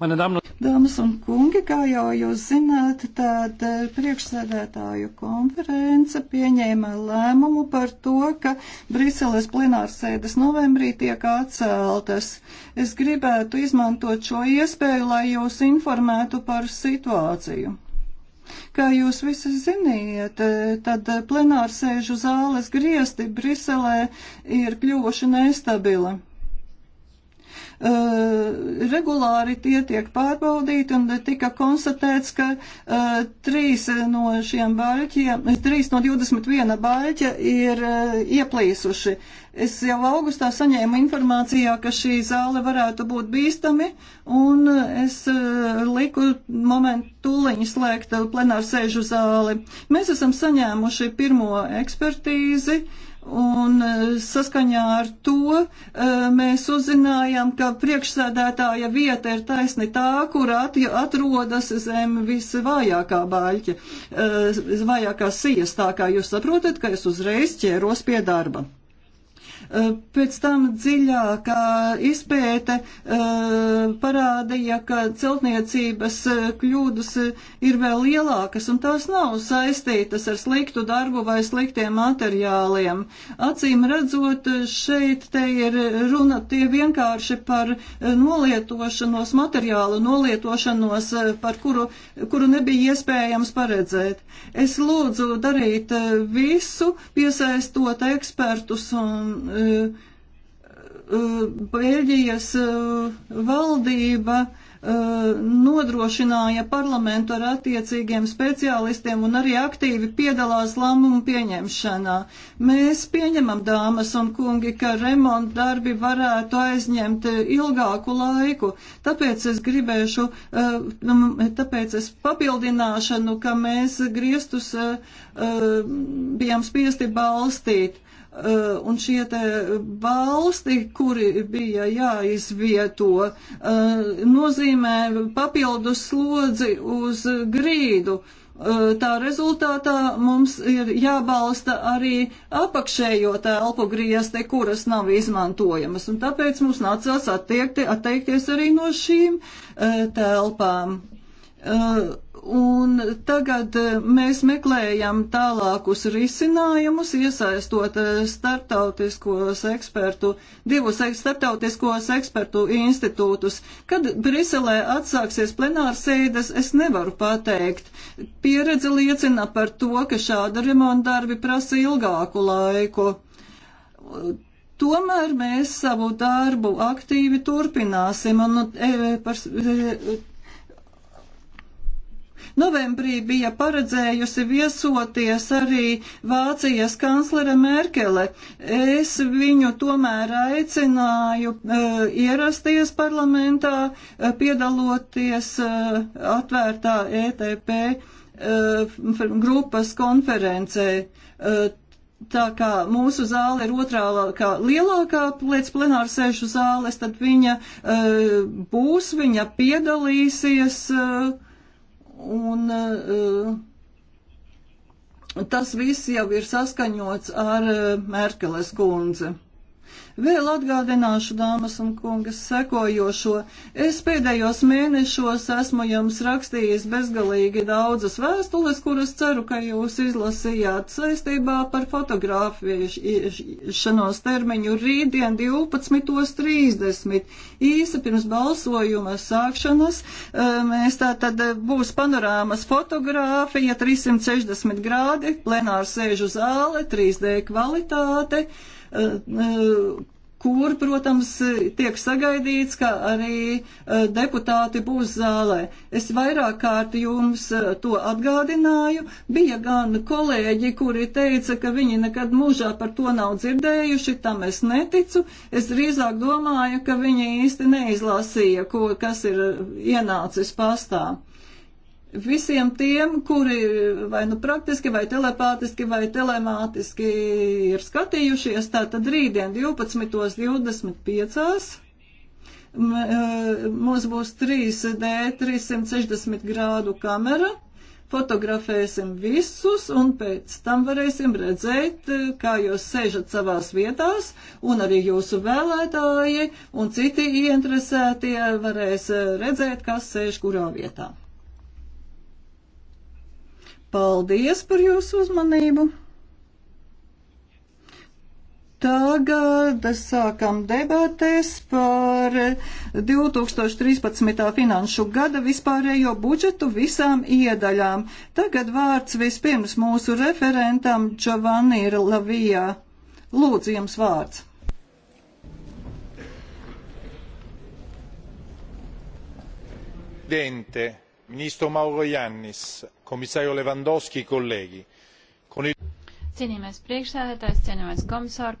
Dāmas un kungi, kā jau jūs zināt, tad eh, priekšsēdētāju konference pieņēma lēmumu par to, ka Briseles plenārsēdes novembrī tiek atceltas. Es gribētu izmantot šo iespēju, lai jūs informētu par situāciju. Kā jūs visi ziniet, eh, tad plenārsēžu zāles griesti Briselē ir kļuvuši nestabili. Eh, regulāri tie tiek pārbaudīti un tika konstatēts, ka eh, trīs no šiem baļķiem, trīs no 21 baļķa ir eh, ieplīsuši. Es jau augustā saņēmu informācijā, ka šī zāle varētu būt bīstami, un es liku momentu tūliņi slēgt plenāru sēžu zāli. Mēs esam saņēmuši pirmo ekspertīzi. Uh, Un e, saskaņā ar to e, mēs uzzinājām, ka priekšsēdētāja vieta ir taisni tā, kur atrodas zem visvājākā baļķa, e, vājākā sijas, tā kā jūs saprotat, ka es uzreiz ķēros pie darba. Eh, pēc tam dziļākā izpēte eh, parādīja, ka celtniecības eh, kļūdas ir vēl lielākas, un tās nav saistītas ar sliktu darbu vai sliktiem materiāliem. Acīm redzot, šeit te ir runa tie vienkārši par nolietošanos, materiālu nolietošanos, par kuru, kuru nebija iespējams paredzēt. Es lūdzu darīt visu, piesaistot ekspertus un Bēļģijas valdība nodrošināja parlamentu ar attiecīgiem speciālistiem un arī aktīvi piedalās lēmumu pieņemšanā. Mēs pieņemam, dāmas un kungi, ka remonta darbi varētu aizņemt ilgāku laiku, tāpēc es gribēšu, um, tāpēc es papildināšanu, ka mēs griestus bijām spiesti balstīt Eh, un šie te balsti, kuri bija jāizvieto, eh, nozīmē papildus slodzi uz grīdu. Eh, tā rezultātā mums ir jābalsta arī apakšējo telpu griezti, kuras nav izmantojamas, un tāpēc mums nācās attiekti, atteikties arī no šīm telpām. Uh, Un tagad eh, mēs meklējam tālākus risinājumus, iesaistot eh, starptautiskos ekspertu, divus starptautiskos ekspertu institūtus. Kad Briselē atsāksies plenārsēdes, es nevaru pateikt. Pieredze liecina par to, ka šāda remonta darbi prasa ilgāku laiku. Tomēr mēs savu darbu aktīvi turpināsim, un e, par, e, Novembrī bija paredzējusi viesoties arī Vācijas kanclere Merkele. Es viņu tomēr aicināju uh, ierasties parlamentā, uh, piedaloties uh, atvērtā ETP grupas konferencē. Tā kā mūsu zāle ir otrā kā lielākā pēc plenāra sēžu zāles, tad viņa būs, viņa piedalīsies. Uh, Un eh, tas viss jau ir saskaņots ar eh, Merkeles kundzi. Vēl atgādināšu, dāmas un kungas, sekojošo. Es pēdējos mēnešos esmu jums rakstījis bezgalīgi daudzas vēstules, kuras ceru, ka jūs izlasījāt saistībā par fotografiešanos termiņu rītdien 12.30. Īsa pirms balsojuma sākšanas e, mēs tā tad e, būs panorāmas fotogrāfija 360 grādi, plenāra sēžu zāle, 3D kvalitāte e, kur, protams, tiek sagaidīts, ka arī e, deputāti būs zālē. Es vairāk kārt jums e, to atgādināju. Bija gan kolēģi, kuri teica, ka viņi nekad mūžā par to nav dzirdējuši, tam es neticu. Es drīzāk domāju, ka viņi īsti neizlasīja, ko, kas ir e, ienācis pastā visiem tiem, kuri vai nu praktiski, vai telepātiski, vai telemātiski ir skatījušies, tā tad rītdien 12.25. E, mums būs 3D 360 grādu kamera, fotografēsim visus un pēc tam varēsim redzēt, e, kā jūs sežat savās vietās un arī jūsu vēlētāji un citi ieinteresētie varēs e, redzēt, kas sēž kurā vietā. Paldies par jūsu uzmanību! Tagad sākam debatēs par 2013. finanšu gada vispārējo budžetu visām iedaļām. Tagad vārds vispirms mūsu referentam Giovanni Lavijā. Lūdzu, jums vārds! presidente ministro mauro jannis komisāru Levandovski kolēģi. Cienījamies priekšsēdētājs, cienījamies komisāru.